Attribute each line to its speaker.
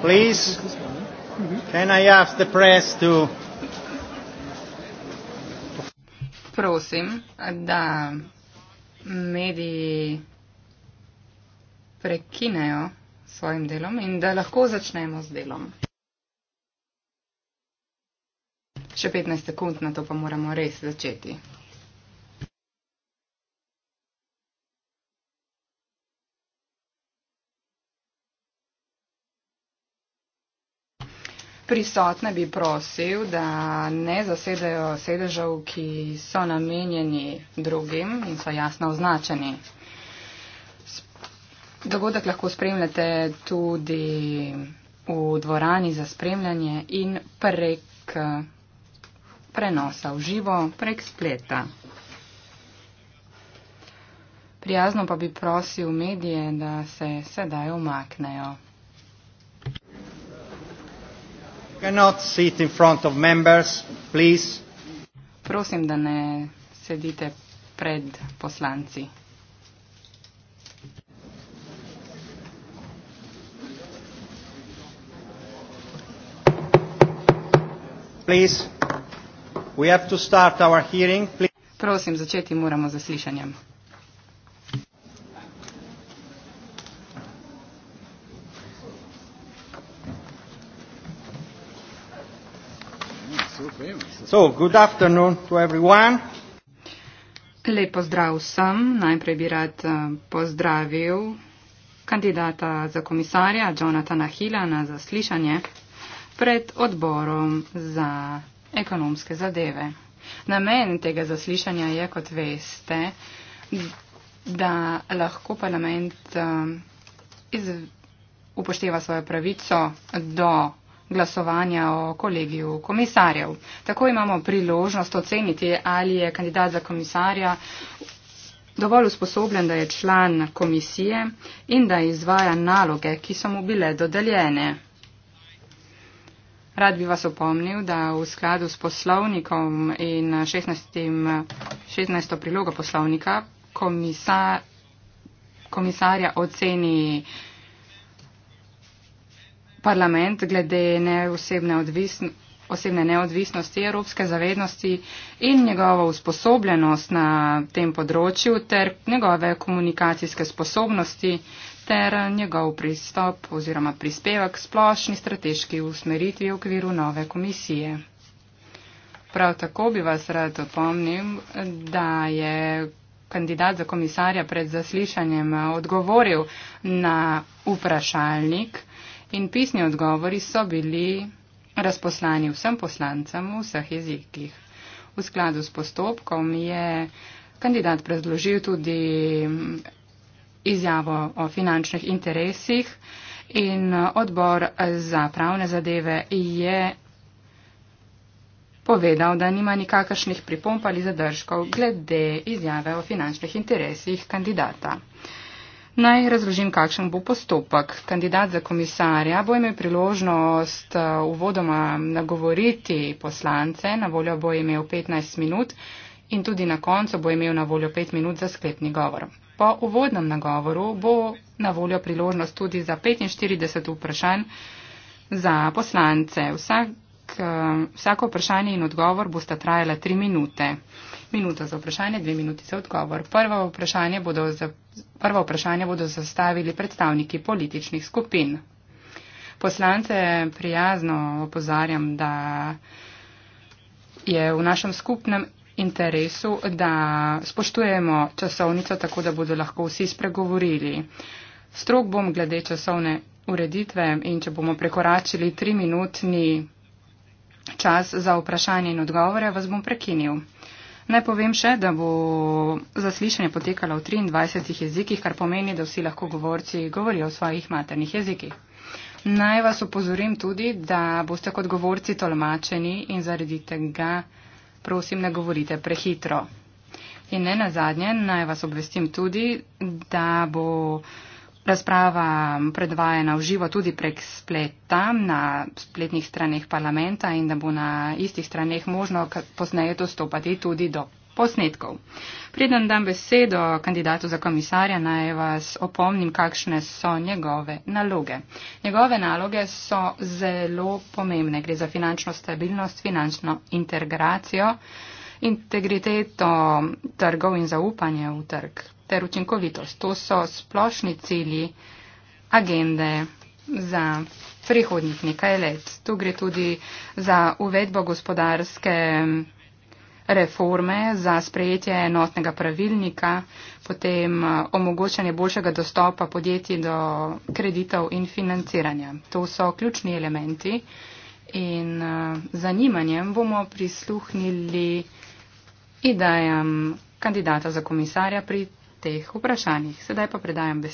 Speaker 1: Please, can I ask the press to... Prosim, da mediji prekinejo svojim delom in da lahko začnemo z delom. Še 15 sekund na to pa moramo res začeti. prisotne bi prosil, da ne zasedajo sedežev, ki so namenjeni drugim in so jasno označeni. Dogodek lahko spremljate tudi v dvorani za spremljanje in prek prenosa v živo, prek spleta. Prijazno pa bi prosil medije, da se sedaj umaknejo. Prosim, da ne sedite pred poslanci. Prosim, začeti moramo z zaslišanjem. So, good afternoon to everyone. Lep pozdrav vsem. Najprej bi rad eh, pozdravil kandidata za komisarja Jonathana Hilla na zaslišanje pred odborom za ekonomske zadeve. Namen tega zaslišanja je, kot veste, da lahko parlament eh, iz, upošteva svojo pravico do glasovanja o kolegiju komisarjev. Tako imamo priložnost oceniti, ali je kandidat za komisarja dovolj usposobljen, da je član komisije in da izvaja naloge, ki so mu bile dodeljene. Rad bi vas opomnil, da v skladu s poslovnikom in 16. 16. prilogo poslovnika komisa, komisarja oceni parlament glede neosebne odvisno, osebne neodvisnosti evropske zavednosti in njegovo usposobljenost na tem področju ter njegove komunikacijske sposobnosti ter njegov pristop oziroma prispevek splošni strateški usmeritvi v okviru nove komisije. Prav tako bi vas rad opomnil, da je kandidat za komisarja pred zaslišanjem odgovoril na vprašalnik, In pisni odgovori so bili razposlani vsem poslancem v vseh jezikih. V skladu s postopkom je kandidat predložil tudi mm, izjavo o finančnih interesih in eh, odbor za pravne zadeve je povedal, da nima nikakršnih pripomp ali zadržkov glede izjave o finančnih interesih kandidata. Naj razložim, kakšen bo postopek. Kandidat za komisarja bo imel priložnost eh, uvodoma nagovoriti poslance, na voljo bo imel 15 minut in tudi na koncu bo imel na voljo 5 minut za sklepni govor. Po uvodnem nagovoru bo na voljo priložnost tudi za 45 vprašanj za poslance. Vsak Eh, vsako vprašanje in odgovor bosta trajala tri minute. Minuto za vprašanje, dve minuti za odgovor. Prvo vprašanje bodo, za, prvo vprašanje bodo zastavili predstavniki političnih skupin. Poslance prijazno opozarjam, da je v našem skupnem interesu, da spoštujemo časovnico, tako da bodo lahko vsi spregovorili. Strok bom glede časovne ureditve in če bomo prekoračili tri minutni čas za vprašanje in odgovore, vas bom prekinil. Naj povem še, da bo zaslišanje potekalo v 23 jezikih, kar pomeni, da vsi lahko govorci govorijo v svojih maternih jezikih. Naj vas opozorim tudi, da boste kot govorci tolmačeni in zaradi tega, prosim, ne govorite prehitro. In ne nazadnje, naj vas obvestim tudi, da bo. Razprava predvajena v živo tudi prek spleta na spletnih straneh parlamenta in da bo na istih straneh možno posneje dostopati tudi do posnetkov. Preden dam besedo kandidatu za komisarja, naj vas opomnim, kakšne so njegove naloge. Njegove naloge so zelo pomembne. Gre za finančno stabilnost, finančno integracijo, integriteto trgov in zaupanje v trg ter učinkovitost. To so splošni cilji agende za prihodnjih nekaj let. Tu gre tudi za uvedbo gospodarske reforme, za sprejetje enotnega pravilnika, potem eh, omogočanje boljšega dostopa podjetij do kreditov in financiranja. To so ključni elementi in eh, zanimanjem bomo prisluhnili idejam kandidata za komisarja pri teh vprašanjih. Sedaj pa predajam besedo.